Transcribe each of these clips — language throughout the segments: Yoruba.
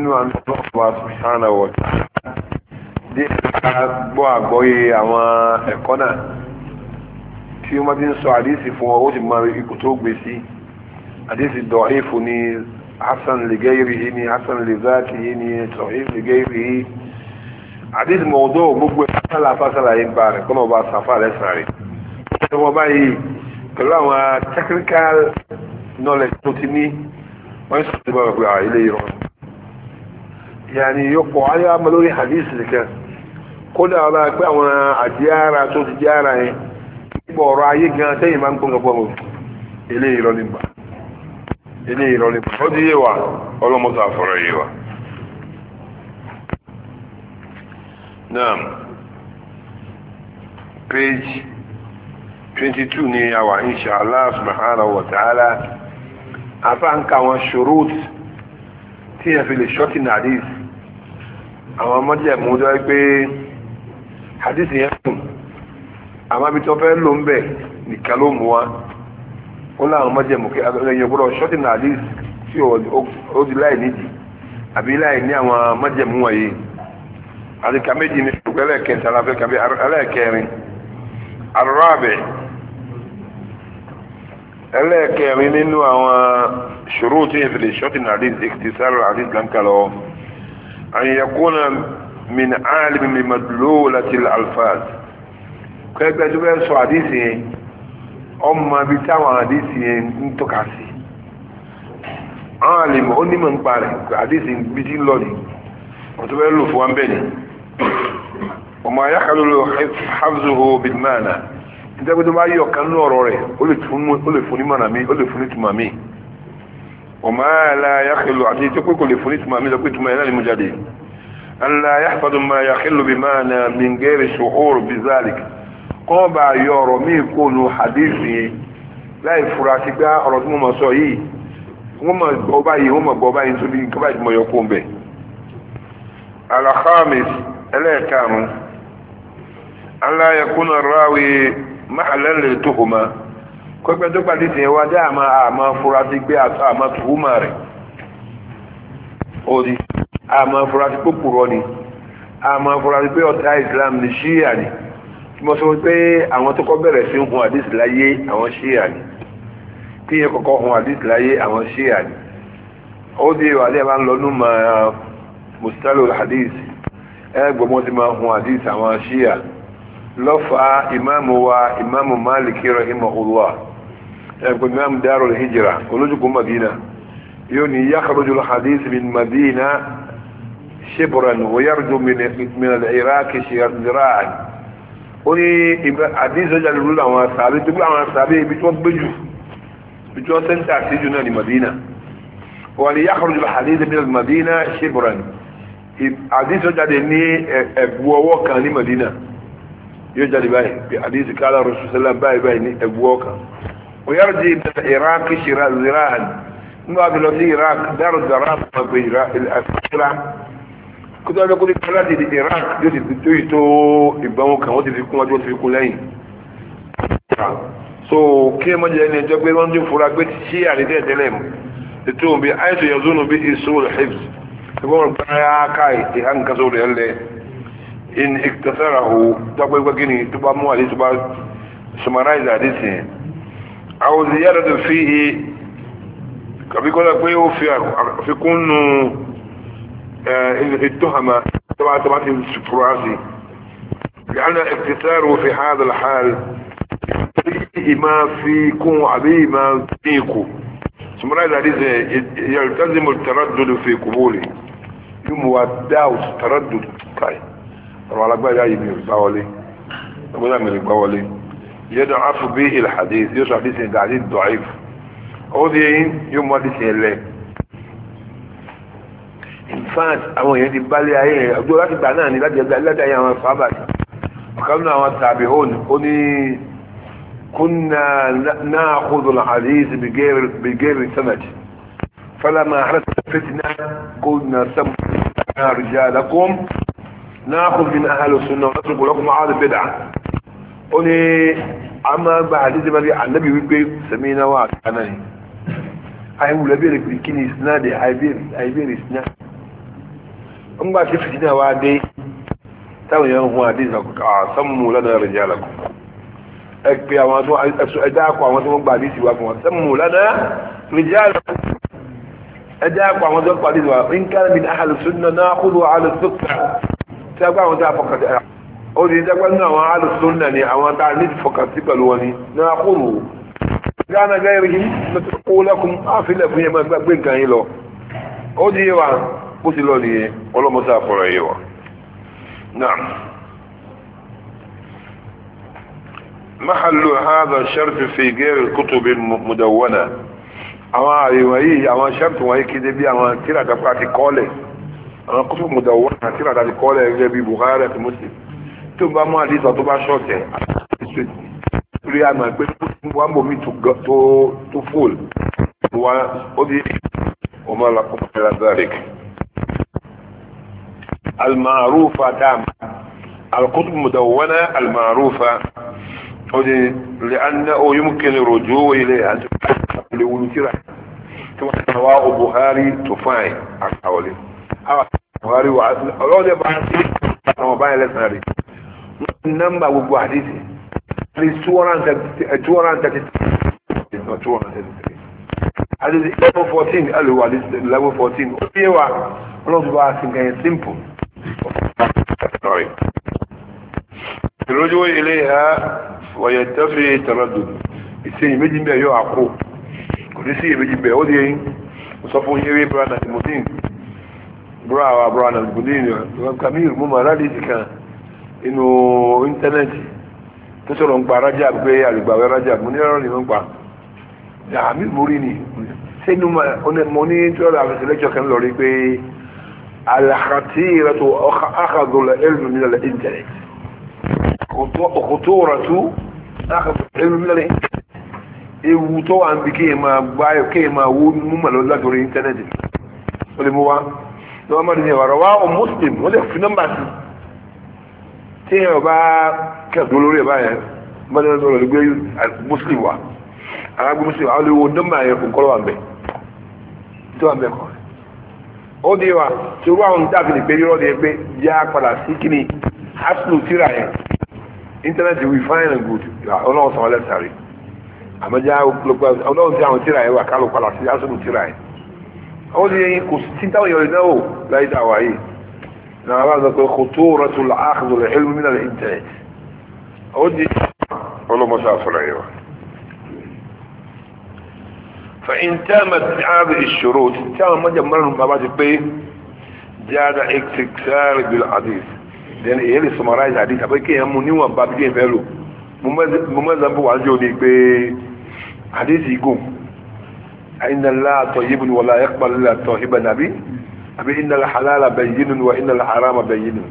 nínú àmì ọlọ́pàá subhanahu wa gbọ́ àgbọ́yé àwọn ẹ̀kọ́ náà tí wọ́n ti ń sọ àdísì fún ọ ó máa ipò tó gbé sí àdísì dọ̀ífù ni hasan ligayrihi ni hasan lizatihi ni dọ̀íf ligayrihi àdísì mọ̀ọ́dọ́ gbogbo ẹ̀fásálà fásálà yìí bá rẹ̀ kọ́nà ọba sàfà lẹ́sàn pẹ̀lú àwọn technical knowledge tó ti ní wọ́n ń sọ̀tún bá wà pé ah, ilé ìrọ̀ yàní yọpọ̀ ayé ama lórí hadith kódà ọ̀la pé àwọn àdìyára tó ti diára yẹn ibò ọ̀rọ̀ ayé gan sẹ́yìn máa ń gbọ́n gbọ́n o eléyìí irọ́ nípa eléyìí nípa ó wa yé wa. naam page twenty two ni àwa insha allah subhanahu wa ta'ala afa ń ka àwọn tí a àwọn ọmọdé ẹ̀mú jọ pé hadith yẹn kù àwọn abitọ́ fẹ́ ló ń bẹ̀ nìkan ló mú wa ó láwọn ọmọdé ẹ̀mú kí ẹ̀yìn ṣọ́ọ̀tì náà hadith tí ó di láì nídìí àbí láì ní àwọn ọmọdé ẹ̀mú wọ̀nyí àdìkà méjì ṣùgbọ́n nínú àwọn ṣòro tí yẹn fi lè ṣọ́ọ̀tì náà أن يكون من عالم لمدلولة الألفاظ كيف يجب سو حديثي أما بتاوى حديثي انتكاسي عالم أني من باري حديثي بيتين لوني وتبقى له فوان بني وما يخلل حفظه بالمعنى انت قد ما يوكا نوروري قل فوني مانا مي قل فوني تمامي وما لا يخل عدي تقول لفنيت ما ميزة كنت ما ينال مجادين أن لا يحفظ ما يخل بمعنى من غير شعور بذلك قوبا يورمي يكون حديثي لا يفراتي بها أرد مما سوئي هما قوباي هما قوباي انتبه كبايت ما يقوم به على خامس ألا كامل أن لا يكون الراوي محلا للتهمة kọ́pẹ́ tó pàdé tìyẹn wá jẹ́ àmọ́ àmọ́ afurasí gbé àtọ́ àmọ́ tùhúmà rẹ̀ òdì àmọ́ afurasí kòkòrò ni àmọ́ afurasí pé ọ̀tá Islam ni ṣíyà ni tí mo sọ pé àwọn tó kọ́ bẹ̀rẹ̀ sí ń hun àdìsí láyé àwọn ṣíyà ni kí yẹn kọ́kọ́ hun àdìsí láyé àwọn ṣíyà ni òdì ìwádìí máa ń lọ nù mọ́ mustalo hadith ẹgbẹ́ wọn ti máa hun àdìsí àwọn ṣíyà lọ́fà ìmáàmù wa ìmáàmù Málìkì rahimahullah imam darul hijira olójúkun madina yóò ní yakhruju al-hadith min madina shibran wa yarju min al-iraq shiraan ó ní hadith ọjà lórí àwọn sàbí tó bí àwọn sàbí ibi tí wọ́n gbé jù ibi tí wọ́n sẹ́ńtà sí jù náà ní madina wọ́n ní yakhruju al-hadith min al-madina shibran hadith ọjà lè ní ẹ̀bù ọwọ́ kan ní madina yóò jáde báyìí hadith kala rasulullah báyìí báyìí ní ẹ̀bù ọwọ́ kan ويرجع من العراق زراعا نقابل في العراق دار الزراعة الأسرة كنت أقول لك بلادي العراق جوتو إبامو كان وجد في كل وجد في كل لين so kí ẹmọ jẹ ẹni ẹjọ pé wọn dín fura pé ṣí àrídẹ ìtẹlẹ mu ètò òbí àìsàn yẹzónù bí israel hibs ẹgbọn wọn gbára ya ká ìhà nǹkan sórí ẹ lẹ in ìtẹsára hù dápẹ́ gbẹ́gínì tó bá mú àdé tó bá summarize àdé sí yẹn àwọn ìyára tó fi he kàbí kọ́lá pé ó fi àfikún nù ètò àmà tọ́ba tọ́ba ti fura sí لأن اقتصاره في هذا الحال ما فيكم أبي ما فيكم ثم رأي الحديث يلتزم التردد في قبوله يوم وداو التردد طيب ọ̀rọ̀ alágbáyà yìí mi ò gbá wọlé ọgbọ́n mi lè gbá wọlé يضعف به الحديث يشرح حديث الحديث ضعيف اوديين يوم وديسي اللي انفات او يدي يعني بالي ايه ابدو لاتي باناني لاتي يبدأ لاتي ايه وصحابات وكامنا وطابعون قني كنا ناخذ الحديث بغير بغير سمج فلما حدث فتنة قلنا سمجنا رجالكم ناخذ من اهل السنة ونسرق لكم عاد بدعة ó ní a máa gba àdíjẹ́ bá rí ànábì wípé sẹ́mi iná wà kánà ni àìwúlẹ̀ bèèrè pé kí ni ìsiná dé àìbèèrè ìsiná ń gbà tí fìdíná wá dé táwọn èèyàn hun àdíjẹ́ àkókò àsánmù lánàá rẹ̀ jẹ́ àlàkù ẹ pé àwọn tó ẹdá akọ àwọn tó ń gba àdíjẹ́ wá fún wọn sánmù lánàá rẹ̀ jẹ́ àlàkù ẹdá akọ àwọn tó ń gba àdíjẹ́ wá nǹkan bí ahàlùsùn náà náà kúrò àlùsùn tí a gbà àwọn tó ó di dẹ́gbẹ́ nínú àwọn alùsùnà ni àwọn tá a ní fọkàn sí pẹ̀lú wọn ni náà kúrò gánà gáyìrì yìí lọ́tọ́ kó lẹ́kùn áfílẹ̀ fún yẹn máa gbàgbé nǹkan yìí lọ ó di wa bó ti lọ nìyẹn ọlọ́mọsá fọ̀rọ̀ yìí wa náà محل هذا الشرط في غير الكتب المدونة àwọn àríwá yìí àwọn sẹ́ǹtì wọ̀nyí kéde bí àwọn tíradàpá ti kọ́lẹ̀ àwọn kutub mudawwana tíradà ti kọ́lẹ̀ gẹ́gẹ́ bí Bukhari àti Muslim tó bá mú àdìsọ tó bá ṣọ̀tẹ̀ àti rí àmà pé wà ń bò mí tó fòl wà ó di ọmọ ọmọlá zarek almarufa dam alkutub mudawwana almarufa ó di lẹ́anna ó yí mú kí ni rojú ilé àti lewulu tí wọ́n ti wá o buhari tó fáìn àkàwọlé àwọn buhari wà ọlọ́dẹ bá ń sí àwọn báyìí lẹ́sàn-án rẹ̀ nọ́mbà gbogbo àdìsí àdìsí two hundred and two hundred and thirty three eh, or two hundred and thirty three àdìsí eleven fourteen àlùwà àdìsí eleven fourteen ó yé wa ọlọ́run bá a sì kẹ́yìn simple. ìrọ́jú ilé ha wọ̀nyẹ̀ tẹ́fì tẹ̀rọ̀dù ìsìn ìméjì bẹ́ẹ̀ yọ àkó kò ní sí ìméjì bẹ́ẹ̀ ó di eyín mo sọ fún yẹ́rẹ́ brana timothy bro àwa brana timothy kamil mo mọ̀ aládìsí kan inú íńtánẹ́ẹ̀tì tó sọ̀rọ̀ ń pa rájà pé àlùgbàwẹ̀ rájà mo ní ọ̀rọ̀ ni wọ́n pa dàmí mórí ni sẹ́nu mo ní tíwọ́lá àfẹsẹ̀lẹ́jọ́ kan lọ rí pé alakatiyatu akadula ilmu min al internet kuturatu akadula ilmu min al internet ewu tó wà ń bi kéèyàn máa gbáyọ̀ kéèyàn máa wó mú màlúù látòrí íńtánẹ́ẹ̀tì ó lè mú wa ní wọ́n má dín ní ìwà rẹ̀ muslim wọ́n lè fi tí èèyàn bá kẹ̀kọ́ lórí ẹ̀ báyẹn bá nínú ọ̀rọ̀ gbé muslim wa arágbé muslim wa olùwò dọ́mà yẹn kò kọ́ wà ń bẹ̀ tó wà ń bẹ̀ kọ́ ó di wa tí orú àwọn dàbí ní pé yọrọ ni pé yá padà sí kí ni aslu tíra yẹn íńtánẹ́ẹ̀tì wí fine and good ọlọ́run sọ̀rọ̀ lẹ́sàrí àmọ́já ọlọ́run tí àwọn tíra yẹn wà kálù padà sí aslu tíra yẹn ó di kò sí táwọn yọrọ náà wò láyé táwa yìí نعرض خطورة العقد والعلم من الانتهاء أودي ولو مسافر أيوة فإن تامت هذه الشروط تام ما جمعنا ما بعد بي جاد اكتكسار بالحديث لأن إيه اللي سمراج الحديث أبقى كي يموني وانبابجين فعلو مماذا بو عجو ديك بي حديث يقوم إن الله طيب ولا يقبل إلا طيب نبي àbí iná halala bẹ̀yìnù wa iná harama bẹ̀yìnù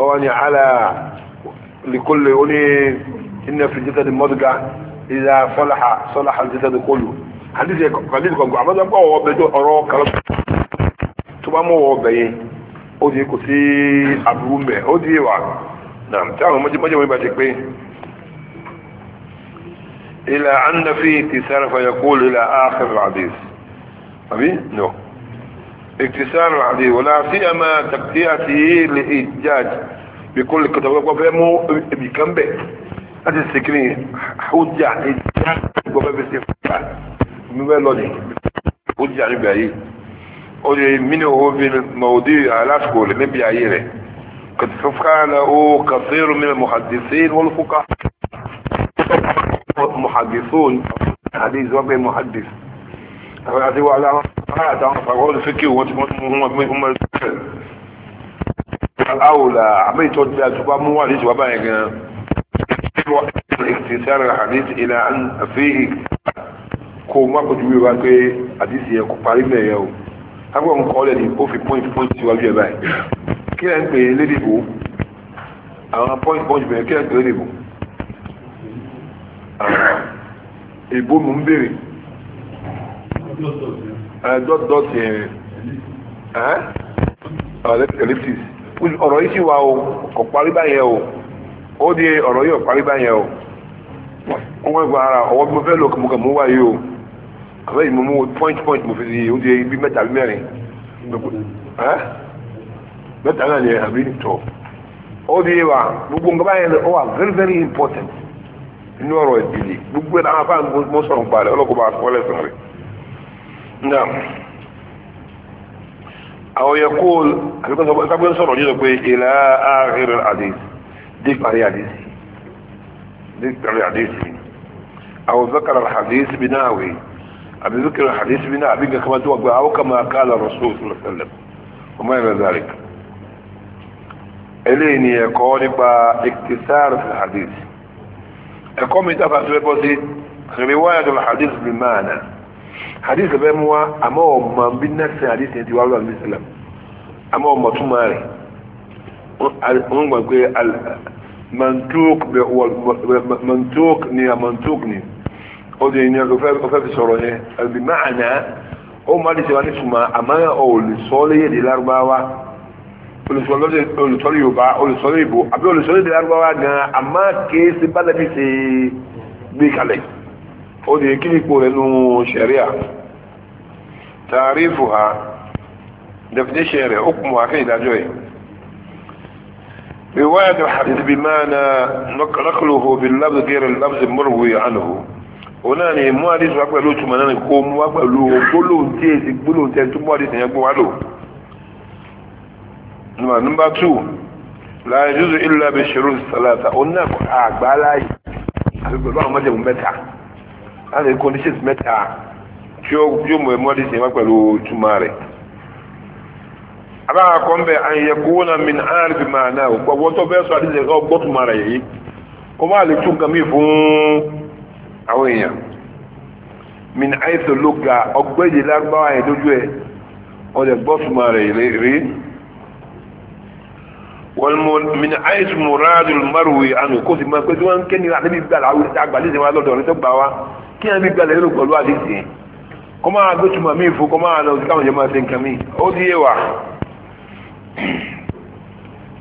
ọwọ́ ni ala likule ó ní iná fi jẹ́tẹ̀ di mọ́dùgá ìlà sọ́láha sọ́láha jẹ́tẹ̀ di kọlu hadith kọ̀ọ̀kọ̀ àmọ́dá pọ̀ ọwọ́ bẹjọ ọ̀rọ̀ kalọ́ tó bá mọ́ ọwọ́ bẹ̀yìn ó di kò sí àbúrú mẹ́ di wà náà tí àwọn mọ́jẹ́mọ́jẹ́ wọ́n bá ti pé إلى أن فيه اتسال فيقول إلى آخر الحديث أبي؟ نعم no. اكتسال عليه ولا سيما تقطيعته لإيجاج بكل كتاب وفهمه بكم به هذا السكرين حجة إيجاج وفهم السفر من بلده حجة عبائي أولي منه هو في الموضوع على سكول من بيعيره قد سفقا كثير من المحدثين والفقهاء محدثون حديث وقع محدث هذا هو على فقهاء تعالوا فقهاء الفكي وهم الأولى عميت تبقى مواليس وبايا كان اختصار الحديث إلى أن فيه كوما كجوي باكي حديث يكو قريب يو أقوى مقالة دي أو في بوينت بوينت سواجه باي كلا أنت لدي بو أنا بوينت بوينت بي كلا أنت لدي بو إبو مبيري dot dot ellipsis ọ̀rọ̀ yìí sì wà o kò parí báyẹn o ó di o. yìí ò parí báyẹn o wọ́n gba ara ọwọ́ bí mo fẹ́ lò kàmùkà mú o yìí mo mú point point mo fi di oúnjẹ ibi mẹ́ta bí mẹ́rin eh? mẹ́ta náà ni àbí tọ. ó di wa gbogbo nǹkan báyẹn ó wà very very important inú gbogbo náà fáwọn nípa a نعم أو يقول تقول صلى الله عليه إلى آخر الحديث ديك باري حديث ديك باري حديث أو ذكر الحديث بناوي أبي ذكر الحديث بناوي أبي كما توقع أو كما قال الرسول صلى الله عليه وسلم وما إلى ذلك إليني يقول باكتسار في الحديث يقوم يتفع سوى بوسي رواية الحديث بمعنى hadith bẹ mu wa àmọ́ ọmọ bí nẹsẹ hadith yẹn ti wà lọ àbí sẹlẹm àmọ́ ọmọ túmọ̀ rẹ̀ wọn gbà pé mantuk mantuk ni mantuk ni o de ni o fẹ́ fi sọ̀rọ̀ yẹn àbí maana o ma di sẹ wa ni tuma àmọ́ olùsọlẹ yẹ di Lárúbáwá olùsọlẹ Yorùbá olùsọlẹ Ìgbò àbí olùsọlẹ di Lárúbáwá gan àmọ́ kéésì bá lẹbi ṣe gbé kalẹ̀ ó di kí ipò rẹ̀ nínú ṣẹ̀ríà tààrífù ha definition rẹ̀ ó kún wá fẹ́ ìdájọ́ yìí رواية الحديث بمعنى نقله باللفظ غير اللفظ المروي عنه ọ̀nà ni mú àdísù wá pẹ̀lú túnmọ̀ náà ni kó mú wá pẹ̀lú gbólóhùn tí èsì gbólóhùn tẹ́ tó mú àdísù yẹn gbó wá lò nọmbà tù láyé jùzù ìlú abẹ́ṣẹ́rù sàlátà ọ̀nà àgbáláyé àti pẹ̀lú àwọn mọ́jẹ̀mú mẹ́ta a lè conditions mẹ́ta tí ó yóò mọ̀ ẹ̀mọ́ dìsẹ̀ wá pẹ̀lú túmọ̀ rẹ̀ abáà kọ́ ń bẹ̀ àyẹ̀kọ́ náà mi Min rí fi na. náà gbọ́ tó fẹ́ sọ àdìsẹ̀ kọ́ gbọ́ túmọ̀ rẹ̀ yìí kọ́ máa lè tún kàmí fún àwọn èèyàn min àìsàn ló ga ọgbẹ́ yìí lágbára yẹn lójú ẹ̀ ọ̀dẹ̀ gbọ́ túmọ̀ rẹ̀ rí min aisu muradul marwi anu kó sì máa pé tí wọ́n ń ké ní àdébí gbà láwùjọ àgbà kí ẹni gbalẹ̀ nínú pẹ̀lú àdìsí yẹn kọ́ máa gbé tuma mí fún kọ́ máa lọ sí káwọn jẹ́ máa ṣe nǹkan mí ó di yé wa.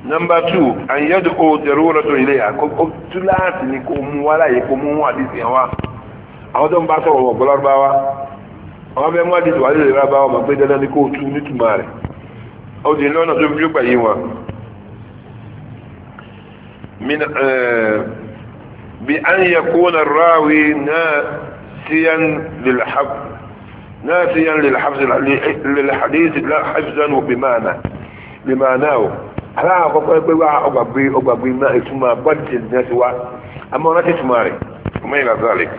nọmba tù àyẹ̀dù kò dẹ̀rù wọ́n tó ilé yà kó tú láti ní kó mú wá láàyè kó mú àdìsí yẹn àwọn tó ń bá sọ̀rọ̀ wọ̀ wa àwọn bẹ́ẹ̀ mú àdìsí lè tú rẹ̀ ó di lọ́nà tó fi gbà بأن يكون الراوي ناسيا للحفظ ناسيا للحفظ للحديث لا حفظا وبمعنى بمعناه أنا أقول بقى أقبي أقبي ما اسمه بدل نسوى أما لا تسمعي وما إلى ذلك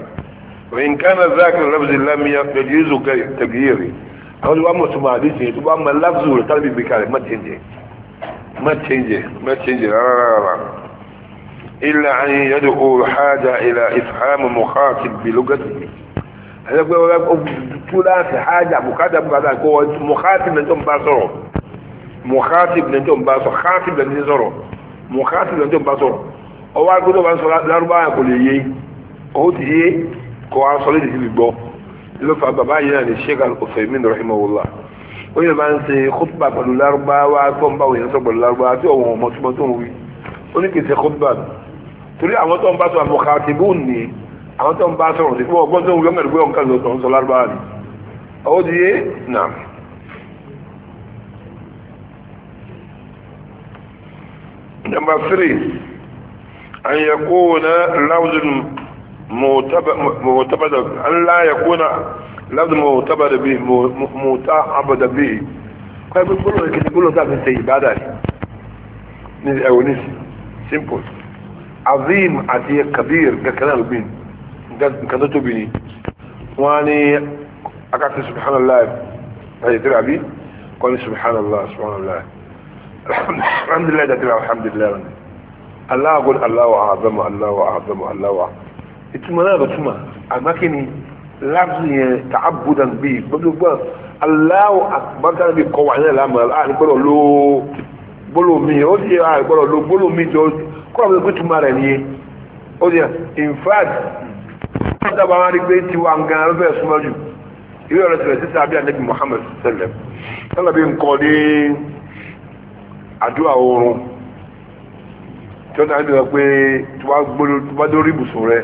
وإن كان ذاك اللفظ لم يجوز أنا أقول أما اسمه حديثي تبقى أما لفظه لطلبي بكاري ما تشنجي ما تشنجي ما تشنجي لا لا لا لا إلا أن يدعو الحاجة إلى إفهام مخاطب بلغته túláàsì hájà bùkátà bùkátà kó mùkátìb lẹ́jọ́ ń bá sọ̀rọ̀ mùkátìb lẹ́jọ́ ń bá sọ̀rọ̀ kátìb lẹ́jọ́ ń sọ̀rọ̀ mùkátìb lẹ́jọ́ ń bá sọ̀rọ̀ ọwọ́ agbódò bá ń sọ lárúbáwá kò lè yé ó ti yé kó a sọ léde síbi gbọ́ ló fa bàbá yìí náà ní sheikh al-Uthaymin rahimahullah ó yẹ bá ń ṣe khutba pẹ̀lú lárúbáwá tó ń bá òyìn sọ pẹ̀lú lárúbáwá tí òun ọmọ túnmọ̀ tó ń wí ó ní kì í ṣe khutba torí àwọn tó ń bá sọ àmọ̀kàtìbù ní àwọn tó ń bá sọ̀rọ̀ sí fún ọgbọ́n tó ń yọ́ngàn ìgbé ọ̀nkà lọ́tọ̀ ń sọ lárúbáwá ni ó di yé nà. number three an yakuna lafzun mu'tabada an la yakuna lafzun mu'tabada bi mu'tabada bi kọ́ ẹgbẹ́ gbọ́dọ̀ kìí gbọ́dọ̀ tàbí ṣe ìbádà ni ẹ̀wọ̀n ní simple azim àti kabir kankan lóbi nǹkan tó tóbi ni wọ́n ní akásí subhanallah ẹ̀yẹ tí rabi kọ́ ní subhanallah subhanallah alhamdulilayi dàtí ra alhamdulilayi aláwọ̀ gbọ́dọ̀ aláwọ̀ àbẹ̀mọ̀ aláwọ̀ àbẹ̀mọ̀ aláwọ̀ ìtumọ̀ náà bẹ̀ túmọ̀ àgbákẹ́ni láti yẹn tààbùdàn bíi gbọ́dọ̀ aláwọ̀ àgbákẹ́ni bíi kọ́ wà ní ẹ̀lámọ̀ àgbọ̀dọ̀ ló gbọ́dọ̀ mi ó ti àgbọ̀dọ̀ ló gbọ́dọ̀ mi jọ kọ́ọ̀bù kú túmọ̀ rẹ̀ nìyẹn ó di in fact wọ́n dábàá wọn rí pé tiwa nǹkan ló fẹ́ súnmọ́ jù ìwé ọ̀rọ̀ tẹ̀lé sísè abíyá níbi Muhammad sẹlẹ̀ sọlá bí nǹkan ní àdúrà oorun tí wọ́n dábàá pé tiwa gbọ́dọ̀ tiwa dórí ibùsùn rẹ̀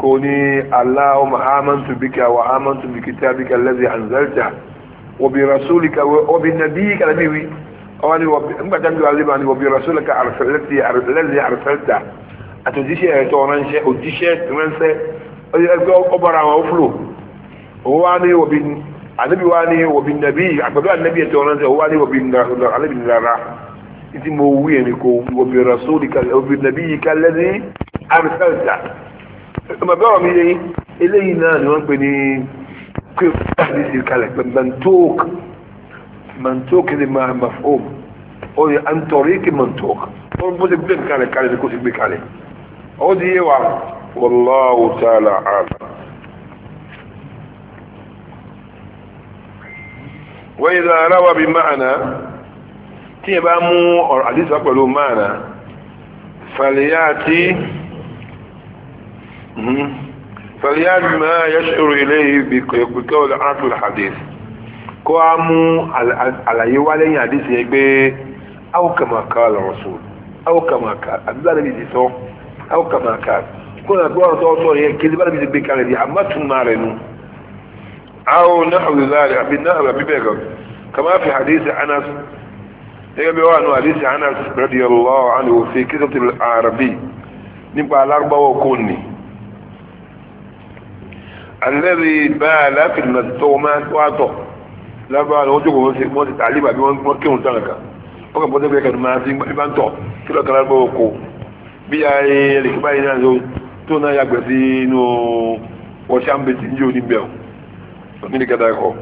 kò ní Allahumma amantu bika wa amantu bi kitabika allazi anzalta wa bi rasulika wa bi nabiyyika nàbí wọ́n ní nígbàtà ní wàlúùbá ní wọ́bí rasulẹ̀ ká lẹ́lẹ́ àrùfẹ́lẹ́tà àti òjíṣẹ́ ẹ̀tọ́ ránṣẹ́ òjíṣẹ́ ránṣẹ́ ẹgbẹ́ ọbọ̀ra àwọn fúlò òun wá ní wọ́bí ànábì wá ní wọ́bí nàbí àgbàdo ànábì ẹ̀tọ́ ránṣẹ́ òun wá ní wọ́bí ànábì nàrà ìdí mo wú ẹ̀mí kó wọ́bí rasulẹ̀ ká wọ́bí nàbí ká lẹ́lẹ́ àrùfẹ́lẹ́tà ọmọ bẹ́ẹ̀ mi eléyìí náà ni wọ́n pè ní kí منطوق لما مفهوم او عن طريق منطوق او بده بين كان كان يكون بك عليه او دي والله تعالى عالم وإذا روى بمعنى تيبامو أو حديث أقول معنى فلياتي فلياتي ما يشعر إليه بقول عقل الحديث kó a mú àlàyé wá lẹ́yìn àdísì yẹn pé awùkàmàkà lọ́rọ̀ sọ awùkàmàkà àdúrà níbi ti sọ awùkàmàkà kó nà gbọ́ ọ̀rọ̀ sọ yẹn kí ẹdínwá níbi ti gbé kalẹ̀ yìí àmọ́ rẹ̀ nù. àwọn náà wù àbí náà àbí bẹ́ẹ̀ kan kàmá fi àdísì anas gẹ́gẹ́ bí wọ́n nù àdísì anas radiyallahu anhu fi kí nípa alárúbáwọ̀ kò ní alẹ́rìí lábára lọ́wọ́ jókòó wọ́n ṣe wọ́n ti tàlí bàbí wọ́n kírun tán nǹkan wọ́n kàn bọ́ sẹ́gbẹ̀ẹ́ kan máa ti bá ń tọ̀ kí lọ́ọ́ kàrà gbọ́wọ́ kó bí ayé ẹ̀rì kí báyìí náà ló tó náà yàgbẹ́ sí inú wọ́ṣà ń bẹ tí ń jò níbẹ̀ ní kẹta ẹ̀kọ́.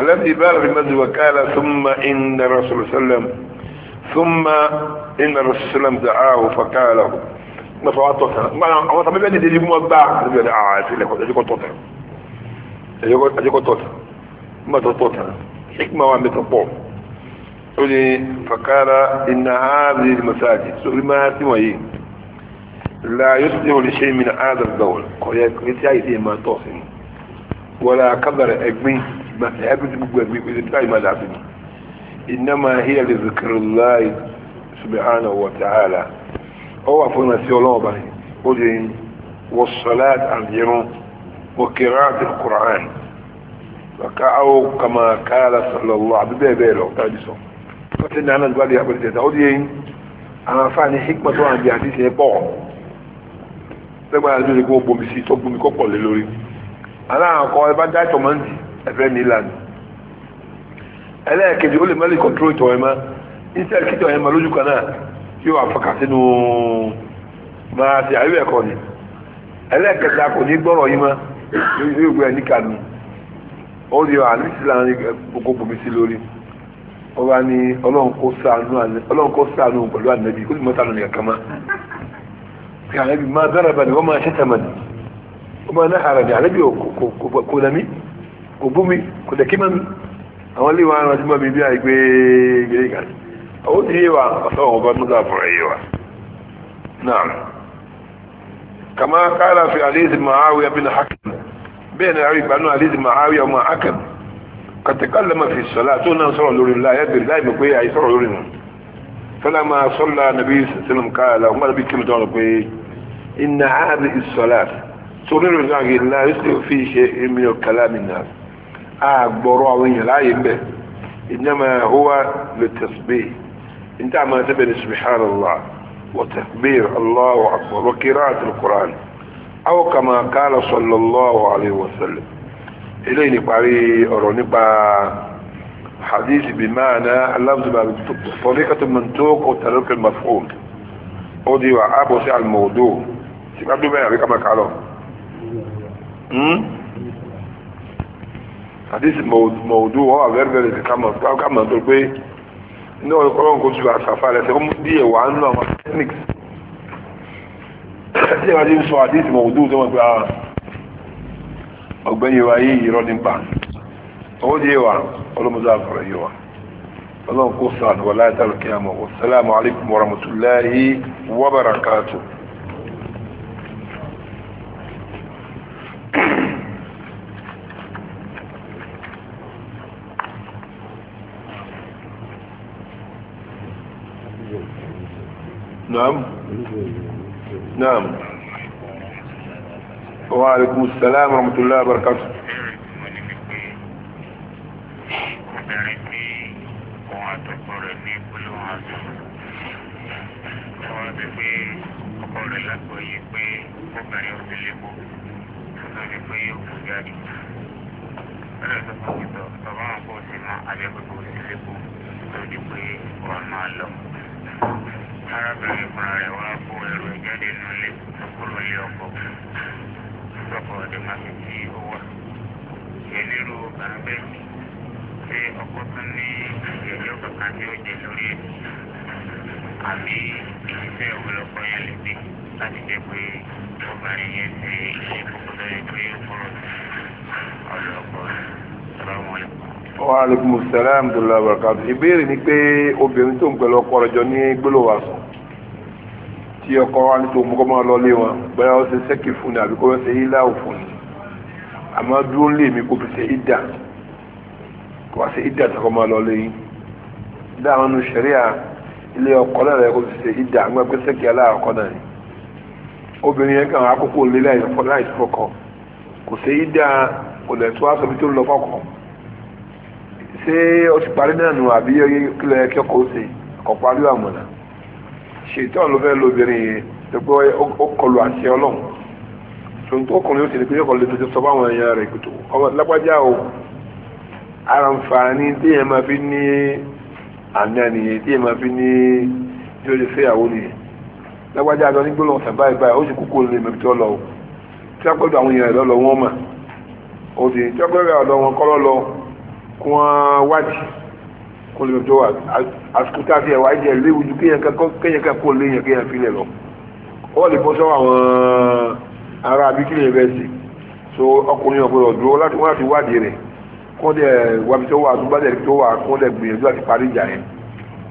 الذي بال في المسجد وقال ثم إن الرسول صلى الله عليه وسلم ثم إن الرسول صلى الله عليه وسلم دعاه فقال له ما فواتوك ما أما تبقى أنت تجيب مباع تبقى أنت آه أتلك أجيكو توتر أجيكو mọ́tọ̀tọ̀ tán hikma wa mẹ́tọ̀ pọ̀ ó ní fàkàrà iná ààrẹ masáàjì sórí máa tí wọ̀nyí láyé tó yóò lè ṣe mí ní àádọ́r gbọ́wọ́ kọ̀yẹ́ kí tí àyè tí ì máa tọ̀ sí ni wọ́n á kábàrẹ̀ ẹgbin ẹgbin tí gbogbo ẹgbin pèsè tí àyè máa dà sí ni iná máa hí ẹ̀lẹ́ zikirin láyé subhanahu wa ta'ala ó wà fún ìrìnàṣẹ́ ọlọ́wọ́ báyìí ó ní wọ́n sọ̀lá àti àmì فقعوا كما قال صلى الله عليه وسلم بيه لو تاجسوا فتنا انا نقول يا ابو الجزاء ودي انا فاني حكمة وانا دي حديث يبقى لما يقول لك هو بومي سي تو بومي كوكو للوري انا اقول بان دايتو مانتي افهم ميلان انا كده يقول لي مالي كنترول تو اما انت اكيد يا اما لوجو كان يو افكا سينو ما تي ايوه كوني انا كده كوني غورو يما يو يو غني كانو ó di àníṣìlá ní gbogbo bomi sí lórí ó bá ní ọlọ́run kó ṣàánú pẹ̀lú ànábì kó sì mọ́ta lónìí kankan má kí ànábì máa dára bá ní wọ́n máa ṣẹ́ta mà ní ó máa ná ara ní ànábì kò nà mí kò bú mi kò dẹ̀ kí má mi àwọn ilé wa rántí mọ́ mi bí àìgbé gẹ́gẹ́ kan ó ti yé wa ọ̀sán ọ̀gbọ́n tó dà fún ẹ̀yẹ wa náà kàmá kára fi àdéhìí Muawiya bin Hakim بين عيب أنه حديث معاوية وما عكب قد تكلم في الصلاة تونا صلى الله لله يدري لا يبقى أي صلى الله فلما صلى النبي صلى الله عليه وسلم قال وما نبي كم دون إن هذه الصلاة صلى تنير الزعج لا يسلم في شيء من الكلام الناس أكبر آه، وين لا ينبه إنما هو للتسبيح انت عما تبني سبحان الله وتكبير الله أكبر وكراءة القرآن aw kama kala sallallahu alayhi wa sallam eléyìí ni parí ọ̀rọ̀ nípa hadith bi maana alamduba tariqatu mantuq wa tarku al-maf'ul ó di wa abu si al-mawdu ti ka dúbẹ̀ àbí kama kala hmm? hadith mawdu wọ́n wà very very kama kama tó pé ní ọ̀rọ̀ kọ́lọ́n kó ti wà sàfà lẹ́sẹ̀ ó mú díẹ̀ wà nínú àwọn techniques tí ìwádìí ń sọ àdéhùn ìmọ̀ òdú tó wọ́n pé ara ah, ọgbẹ́ni wa yí ìrọ́ nípa owó díẹ̀ wa ọlọ́mọdé àfọ̀rọ̀ yìí wa ọlọ́run kó sàn wà láyé tàbí kí a mọ̀ نعم نعم wa alaikum salam wa rahmatullahi wa barakatuh obìnrin ní ohun àtọ́kọ rẹ̀ ní gbólóhùn àjò tí wọ́n ti pé ọkọ rẹ̀ lágbóyè pé obìnrin ò sí lè mú tó ti pé yóò kú jáde àgbẹ̀ ṣé ọkọ tún ní ìyẹ̀yẹ́ kankan tí ó jẹ lórí ẹ̀ àbí ìṣiṣẹ́ ìwọlọ́kọ yẹn lè gbé láti jẹ́ pé obìnrin yẹn ṣe iṣẹ́ kókó lórí pé ó kúrò ọ̀dọ̀ ọkọ ṣọláwọ́n lè. wọ́n á lè kún sẹ́lẹ̀m tó lọ bàkàtú ìbéèrè ni pé obìnrin tó ń pẹ̀lú ọkọ rẹ̀ jọ ní gbólóhùn àsùn tí ọkọ wa ní tó mú máa lọ lé wọn bẹ́ẹ̀ ṣe sẹ́kì fún ni àbí kó ṣe hílà òfun ni. amadu dúró lé mi kó fi ṣe ìdà kó wá ṣe ìdà tọkọ máa lọ lẹ́yìn dáhùn nu sẹ̀ríà ilé ọkọ náà rẹ kó fi ṣe àwọn ẹgbẹ́ sẹ́kì ọkọ náà ni obìnrin yẹn kàn án àkókò lé láìsí fọkọ kò ṣe ìdà kò tó aṣọ bí tó lọ fọkọ ṣé o ti parí àbí kílẹ̀ kẹ́kọ̀ọ́ ṣe kọ̀ parí àmọ̀nà ṣètò ló fẹ́ lóbìnrin yẹn tó tòun tó ọkùnrin ó sì ní pé yọkọ̀ lè tuntun sọ fáwọn èèyàn rẹ̀ kùtù ọmọ lápájá o ara ń fa ní tí èèyàn máa fi ní àmì àníyàn tí èèyàn máa fi ní tí ó lè fẹ́ àwọn nìyẹn lápájá àjọ ní gbólóhùn sàn báyìí báyìí ó sì kúkú lè mẹ́bi tó lọ o tí wọ́n pẹ̀lú àwọn èèyàn lọ́lọ́ wọn mà ó sì tí wọ́n pẹ̀lú ọ̀dọ́ wọn kọ́ lọ́lọ́ kó wọ́n kó lè mẹ́bi tó wà àsìkò tá a fi ẹ̀wà léwu ju kéèyàn kan kó lè yàn kéèyàn fi lẹ̀ ara abikiri yẹn bẹ́ẹ̀ sì so ọkùnrin ọ̀gbọ́dọ̀ dúró láti wọ́n láti wádìí rẹ̀ kó dẹ̀ wàbí tó wà tó bá dẹ̀ tó wà kó dẹ̀ gbìyànjú àti parí ìjà yẹn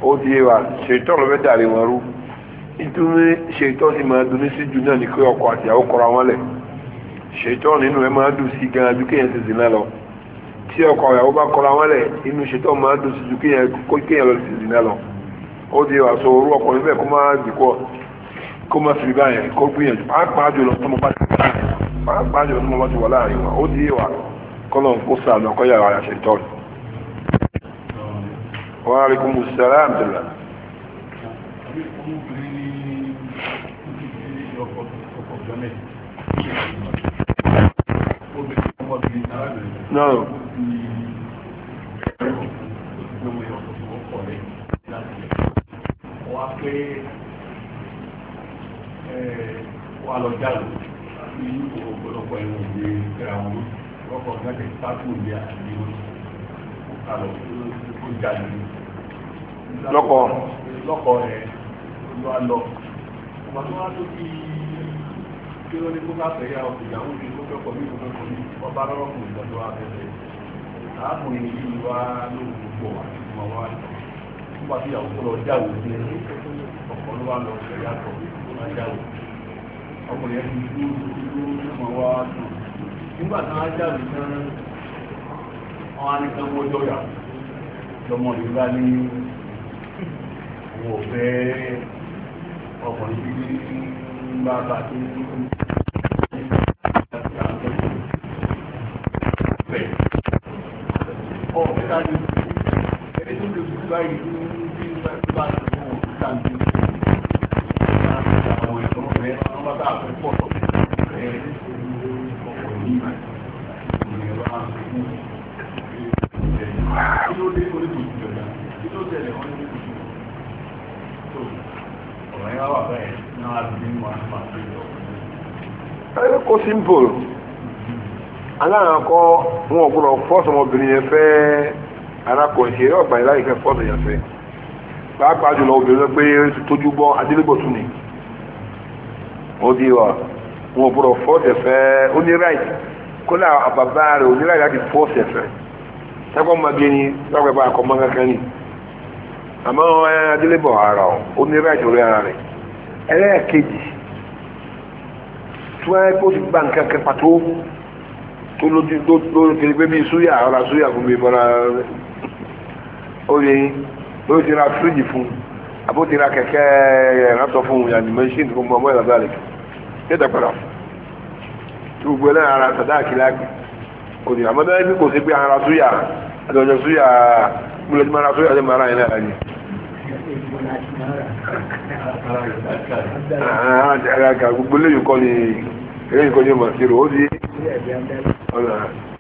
ó ti yé wa ṣètò ọ̀rọ̀ fẹ́ dàrí wọn rú nítorí ṣètò sì máa dunní sí ju náà ní pé ọkọ àti àwọn kọra wọn lẹ̀ ṣètò nínú ẹ máa dùn sí gan ju kéèyàn ti zìnà lọ tí ọkọ ìyàwó bá kọra wọn lẹ̀ inú ṣètò máa dùn sí ju kéèyàn lọ sí zìnà lọ ó ti yé wa so orú ọkùnrin bẹ́ẹ̀ kó má dìkọ́ kó má fi báyẹn kó gbìyànjú pàápàá jùlọ tó mo bá ti wà láàrin pàápàá jùlọ tó mo bá ti wà láàrin wọn ó di ìwà kọlọ̀ ń kó sàánú ọkọ yàrá àṣẹ ìtọ́ni. wa alaikumus salam àbdùlá. No. Thank you wà lọ jáde àti ọ̀pọ̀lọpọ̀ ẹ̀wọ̀n ìgbé ìgbéra wọn lọ́kọ̀ gbẹ́kẹ̀ sáàkù ìgbé àti ìwọ̀n ó kalọ̀ ó jáde. lọ́kọ̀ lọ́kọ̀ ẹ̀ ló wá lọ. ọmọ tó wá tó bí kí ló ní kó bá fẹ́ yà ọkọ̀ ìyàwó ní kó fẹ́ kọ̀ ní kó fẹ́ kọ̀ ní ọba lọ́rọ̀kùn ìgbàdo abẹ́rẹ́ arákùnrin yìí wá lóhùn gbogbo wá nígbà tí jáwé ọkùnrin ẹni tó tó mọ̀ wá tán nígbà tí wọ́n jáwé tán wọ́n á ní kí wọ́n jọyà lọ́mọ yìí bá ní wọ́n ń bá wọn ò gbọ́dọ̀ fọ́ọ̀sì ọmọbìnrin yẹn fẹ́ arákùnrin ṣe ọgbà yìí láì fẹ́ fọ́ọ̀sì yẹn fẹ́ pàápàá jùlọ obìnrin lọ pé tójú bọ́ adélébọ̀tún ni ó di wa wọn ò gbọ́dọ̀ fọ́ọ̀sì ẹ̀fẹ́ ó ní ráìtì kódà bàbá rẹ̀ ò ní ráìtì láti fọ́ọ̀sì ẹ̀fẹ́ sẹ́kọ̀ máa bí ẹni lọ́pẹ́ bá akọ mọ́ngá kan ní àmọ́ adélébọ̀ ara ọ̀ ó ní ráìtì orí ara rẹ̀ ẹlẹ́yà kejì tí wọ́n á kó ti gba tó lójú tó lórí kiri pé mi súyà ọ̀la súyà fún mi bọ́ra oye ló ti ra fíríjì fún àbó ti ra kẹ̀kẹ́ ìrántọ́ fún yàrá mẹ́ṣíìnì fún ọmọ ìlànà àlè níta padà tí gbogbo ẹlẹ́yìn ara sàdá àkìlá kò ní àmọ́ bẹ́ẹ̀ bí kò sí pé ara súyà àtọ̀jọ súyà múlẹ̀ tí mara súyà lè mara yẹn náà ni. ara gbogbo eléyìí kọ́ ni eléyìí kọ́ ni màsírò ó di. 好的。